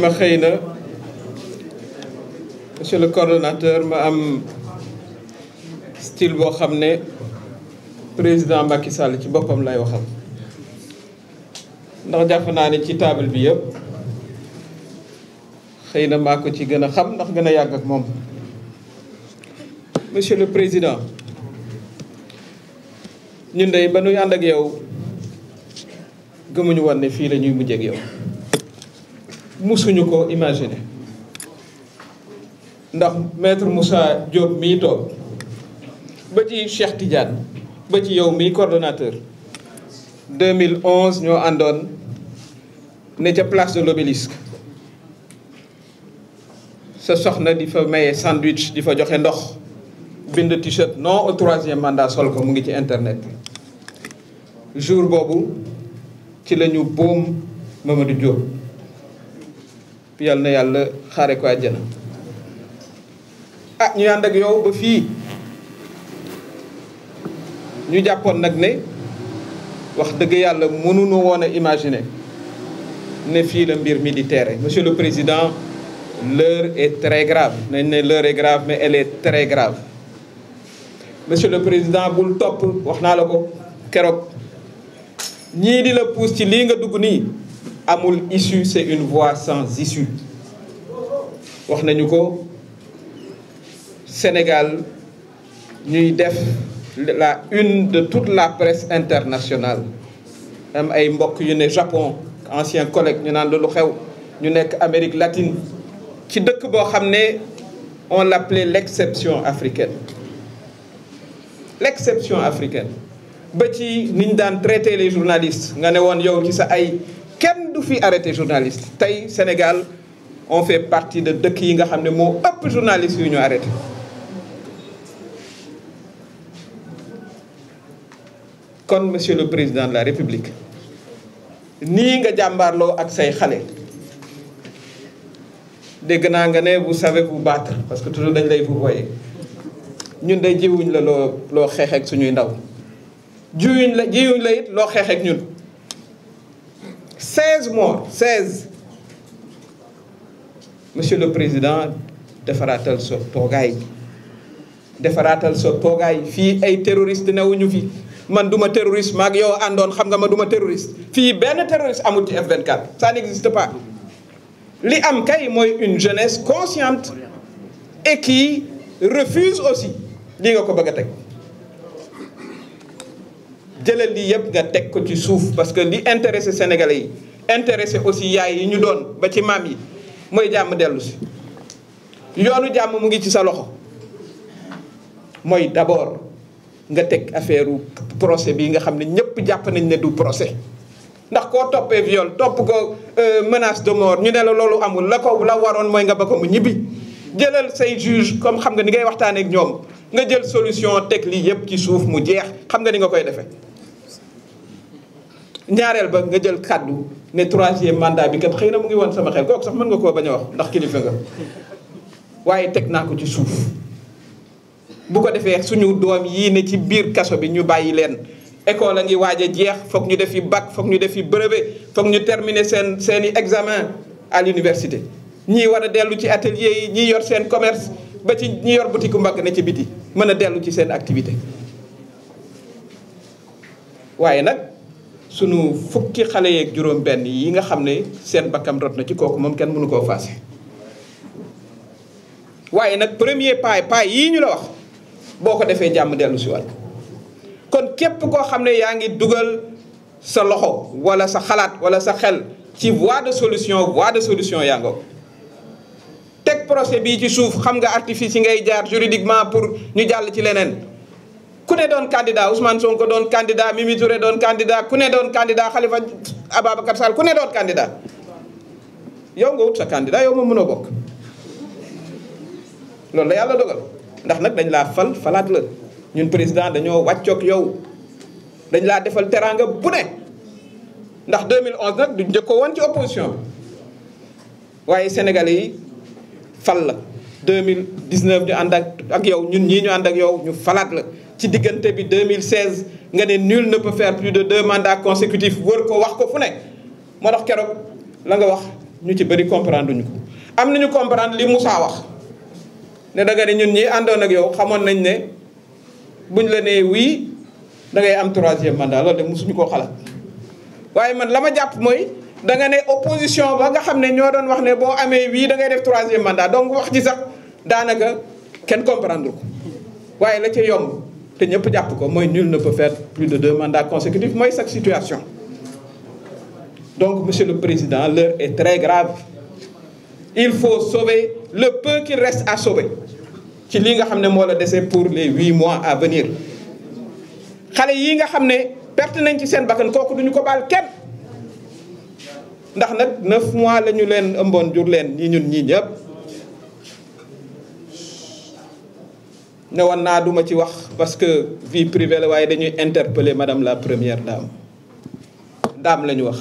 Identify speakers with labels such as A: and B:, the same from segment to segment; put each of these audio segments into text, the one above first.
A: ma xëy na monsieur le coordonnateur ma am style boo xam ne président Macky Sall ci boppam lay waxam ndax jàpp naa ne ci taabal bi yëpp xëy na maa ko ci gën a xam ndax gën a yàgg ak moom monsieur le président ñun dey ba nuy ànd ak yow gëmuñu woon ne fii la ñuy mujjee ak musuñu ko imaginer ndax maître Moussa Diop mii toog ba ci Cheikh Tidiane ba ci yow mii coordonnateur 2011 ñoo àndoon ne ca place de l'obélisque sa soxna di fa maye sandwich di fa joxe ndox bind t-shirt non au troisième mandat sol ko mu ngi ci internet jour boobu ci lañu ñu boom Mamadou yal na yàlla xaare ko àjjana ah ñu ànd ak yow ba fii ñu jàppoon nag ne wax dëgg yàlla mënuñu woon a imagine ne fii la mbir mi di teere monsieur le président l'heure et très grave nañ ne l'heure est grave mais elle est très grave monsieur le président bul topp wax naa la ko keroog ñii di la pousse ci lii nga dugg nii amul issue c'est une voie sans issue wax nañu ko Sénégal ñuy def la une de toute la presse internationale am ay mbokk yu ne Japon ancien collègue ñu naan lu xew ñu nekk Amérique latine ci dëkk boo xam ne on la l'appelait l'exception africaine l'exception africaine ba ci niñ daan traiter les journalistes nga ne woon yow ci sax ay kenn du fi arrêté journaliste tey Sénégal on fait partie de dëkk yi nga xam ne moo ëpp journaliste yu ñu arrêté kon monsieur le président de la république nii nga jàmbaarloo ak say xale dégg naa nga ne vous savez vous battre parce que toujours dañ lay vous voyez ñun de jiwuñ la loo loo xeexeek suñuy ndaw jiwuñ la jiwuñ la it loo xeexeek ñun 16 morts 16 monsieur le président defaraatal sa toogaay defaraatal sa toogaay fii ay terroriste ñu fi man duma terroriste maak yow àndoon xam nga ma duma terroriste fii benn terroriste amul ci F24 ça n'existe pas li am kay mooy une jeunesse consciente et qui refuse aussi lii nga ko bëgg a teg jëlal lii yëpp nga teg ko ci suuf parce que li intéressé sénégalais yi intéressé aussi yaay yi ñu doon ba ci maam yi mooy jàmm dellu si yoonu jàmm mu ngi ci sa loxo mooy d'abord nga teg affaire procès bi nga xam ne ñëpp jàpp nañ ne du procès ndax koo toppee viol topp ko euh, menace de mort ñu ne la loolu amul la ko la waroon mooy nga ba ko mu ñibbi jëlal say juge comme xam nga ni ngay waxtaanee ak ñoom nga jël solution teg lii yëpp ci suuf mu jeex xam nga ni nga koy defee. ñaareel ba nga jël kàddu ne troisième mandat bi kat xëy na mu ngi woon sama xel kooku sax mën nga koo bañ a wax ndax kilifa nga waaye teg naa ko ci suuf bu ko defee suñu doom yii ne ci biir kaso bi ñu bàyyi leen école a ngi waaj jeex foog ñu def yi bac foog ñu def yi brevet foog ñu terminer seen seen i examen à l'université ñii war a dellu ci atelier yi ñii yor seen commerce ba ci ñi yor boutique mbagg ne ci biti mën a dellu ci seen activité waaye nag sunu fukki xale yeeg juróom-benn yi nga xam ne seen bakkan rot na ci kooku moom kenn mënu koo faase waaye nag premier pas pas yii ñu la wax boo ko defee jàmm dellu si waat kon képp koo xam ne yaa ngi dugal sa loxo wala sa xalaat wala sa xel ci voie de solution voie de solution yaa ngoo teg procès bii ci suuf xam nga artifice yi ngay jaar juridiquement pour ñu jàll ci leneen. ku ne doon candidat Ousmane Sonko doon candidat Mimi Touré doon candidat ku ne doon candidat Khalifa Ababacar Sall ku ne doon candidat yow nga wut sa candidat yow ma mën a bokk loolu la dogal ndax nag dañ laa fal falaat la ñun président dañoo wàccoog yow dañ laa defal teraanga bu ne ndax 2011 nag du njëkkoo woon ci opposition waaye sénégalais yi fal la 2019 ñu ànd ak ak yow ñun ñii ñu ànd ak yow ñu falaat la ci diggante bi 2016 nga ne nul ne peut faire plus de deux mandats consécutifs wër ko wax ko fu ne moo tax keroog la nga wax ñu ci bëri comprendre ñu ko. am nañu comprendre li Moussa wax ne danga ne ñun ñi àndoon ak yow xamoon nañ ne buñ la nee wii dangay am troisième mandat loolu de mosuñu koo xalaat waaye man la ma jàpp mooy. da nga ne opposition ba nga xam ne ñoo doon wax ne boo amee wii da ngay def troisième mandat donc wax ci sax daanaka kenn comprendre ko waaye la ci yomb te ñëpp jàpp ko mooy nul ne peut faire plus de deux mandats consécutifs mooy chaque situation donc monsieur le président l'heure est très grave il faut sauver le peu qu'il reste à sauver ci li nga xam ne moo la dese pour les huit mois à venir xale yi nga xam ne perte nañ ci seen bakkan kooku duñu ko baal kenn ndax nag neuf mois la ñu leen ëmboon jur leen ñi ñun ñii ñëpp ne woon naa duma ci wax parce que vie privée la waaye dañuy interpeller madame la première daam dame lañu wax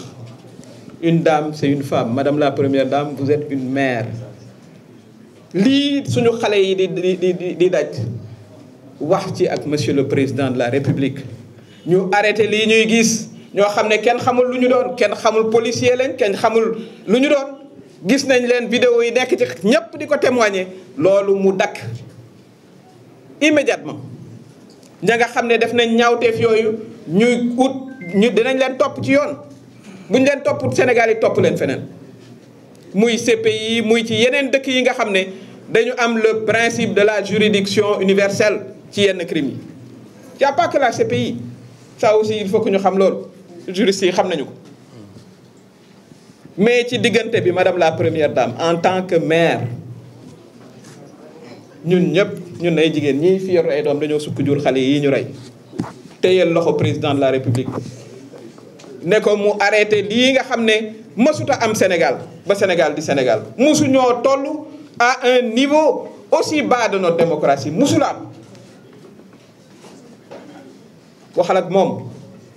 A: une dame c'est une femme madame la première daam vous êtes une mère lii suñu xale yi di di di di daj wax ci ak monsieur le président de la république ñu arrêté lii ñuy gis ñoo xam ne kenn xamul lu ñu doon kenn xamul policier lañ kenn xamul lu ñu doon gis nañ leen vidéo yi nekk ci ñëpp di ko témoigner loolu mu dakk immédiatement ña nga xam ne def nañ ñaawteef yooyu ñuy ut ñu dinañ leen topp ci yoon buñ leen topp Sénégal yi topp leen feneen muy yi muy ci yeneen dëkk yi nga xam ne dañu am le principe de la juridiction universelle ci yenn crimes yi y a pas que la CPI aussi il faut ñu xam loolu juristes yi xam nañu ko mais ci diggante bi madame la première dame en tant que maire ñun ñëpp ñun ay jigéen ñi fi yor ay doom dañoo sukk jur xale yi ñu rey téyel loxo président de la république ne ko mu arrêté lii nga xam ne mësuta am Sénégal ba Sénégal di Sénégal ñoo toll à un niveau aussi bas de démocratie mësula am waxal moom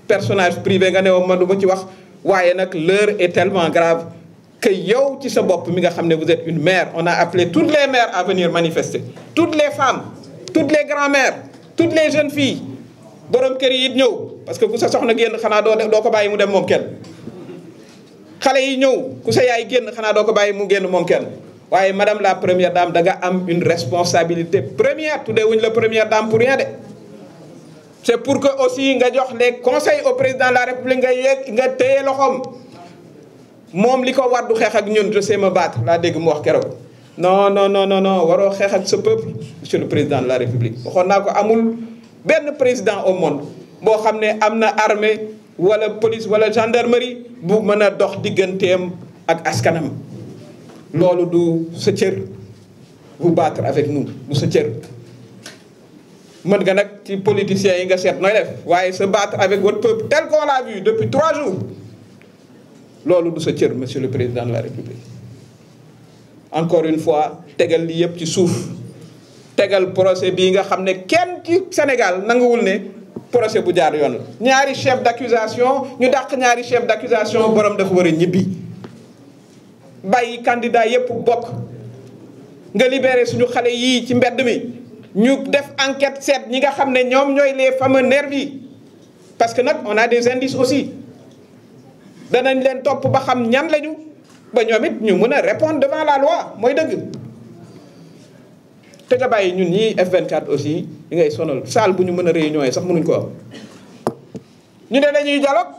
A: personnage privé nga ne woon ma du ci wax waaye nag leur est tellement grave que yow ci sa bopp mi nga xam ne vous êtes une mère on a appelé toutes les mères à venir manifester toutes les femmes toutes les grand-mères toutes les jeunes filles borom kër yi ñëw parce que ku sa soxna génn xanaa doo doo ko bàyyi mu dem moom kenn xale yi ñëw ku sa yaay génn xanaa doo ko bàyyi mu génn moom kenn waaye madame la première dame da nga am une responsabilité première tuddee wuñ la première dame pour rien de c'est pour que aussi nga jox les conseils président de la république nga yegg nga téye loxoom moom li ko war du xeex ak ñun je sais me battre laa dégg mu wax keroo non non non no non waroo xeex sa peuple monsieur le président de la république waxoon naa ko amul benn président au monde boo xam ne am na armée wala police wala gendarmerie bu mën a dox digganteem ak askanam loolu du sa cër vous battre avec nous du sa cër mën nga nag ci politiciens yi nga seet nooy def waaye sa battre avec votre peuple tel qu'on l'a vu depuis trois jours loolu du sa cër monsieur le président de la république encore une fois tegal lii yëpp ci suuf tegal procès bii nga xam ne kenn ci Sénégal nanguwul ne procès bu jaar yoon la ñaari chef d'accusation ñu dàq ñaari chef d'accusation borom dafa war a ñibbi bàyyi candidat yëpp bokk nga libéré suñu xale yi ci mbedd mi ñu def enquête seet ñi nga xam ne ñoom ñooy les fameux nervis parce que nag on a des indices aussi danañ leen topp ba xam ñan lañu ba ñoomit ñu mën a répondre devant la loi mooy dëgg te ta ñun ñii F24 aussi yi ngay sonal salle bu ñu mën a réunion yi sax mënuñ ko am ñu ne dañuy dialogue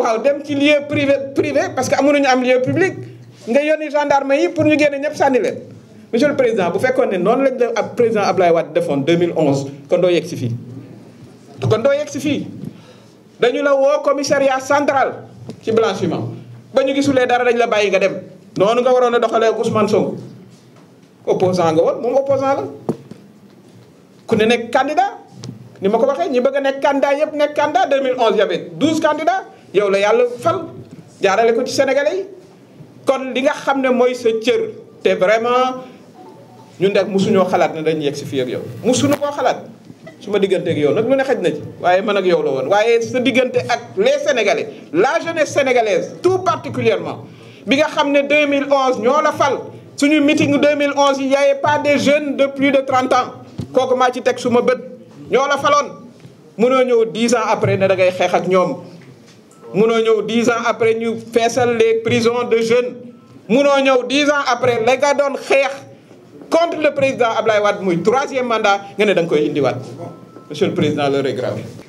A: waaw dem ci lieu privé privé parce que amuñu am lieu public nga yónni gendarme yi pour ñu génne ñëpp sànni leen monsieur le président bu fekkoon ne noonu lañ def ab président Ablaye Wade defoon 2011 kon doo yegg si fii kon doo yegg si fii dañu la woo commissariat central ci blanchiment ba ñu gisulee dara dañ la bàyyi nga dem noonu nga waroon a doxalee Ousmane Sonko opposant nga woon moom opposant la ku ne nekk candidat ni ma ko waxee ñi bëgg a nekk candidat yëpp nekk candidat 2011 y avait 12 candidats yow la yàlla fal jaarale ko ci sénégalais kon li nga xam ne mooy sa cër te vraiment ñun de musuñoo xalaat ne dañ yegg si fii ak yow musuñu koo xalaat su ma diggante ak yow nag lu ne xaj na ci waaye man ak yow woon waaye sa diggante ak les sénégalais la jeunesse sénégalaise tout particulièrement bi nga xam ne 2011 ñoo la fal suñu meeting 2011 yi y'avait pas des jeunes de plus de 30 ans kooku maa ci teg su ma bët ñoo la faloon mënoo ñëw 10 ans après ne dangay ngay xeex ak ñoom munoo ñëw 10 ans après ñu feesal les prisons de jeunes munoo ñëw 10 ans après la nga doon xeex contre le président Ablaye Wade muy troisième mandat nga ne da nga koy indiwaat monsieur le président l'heure est grave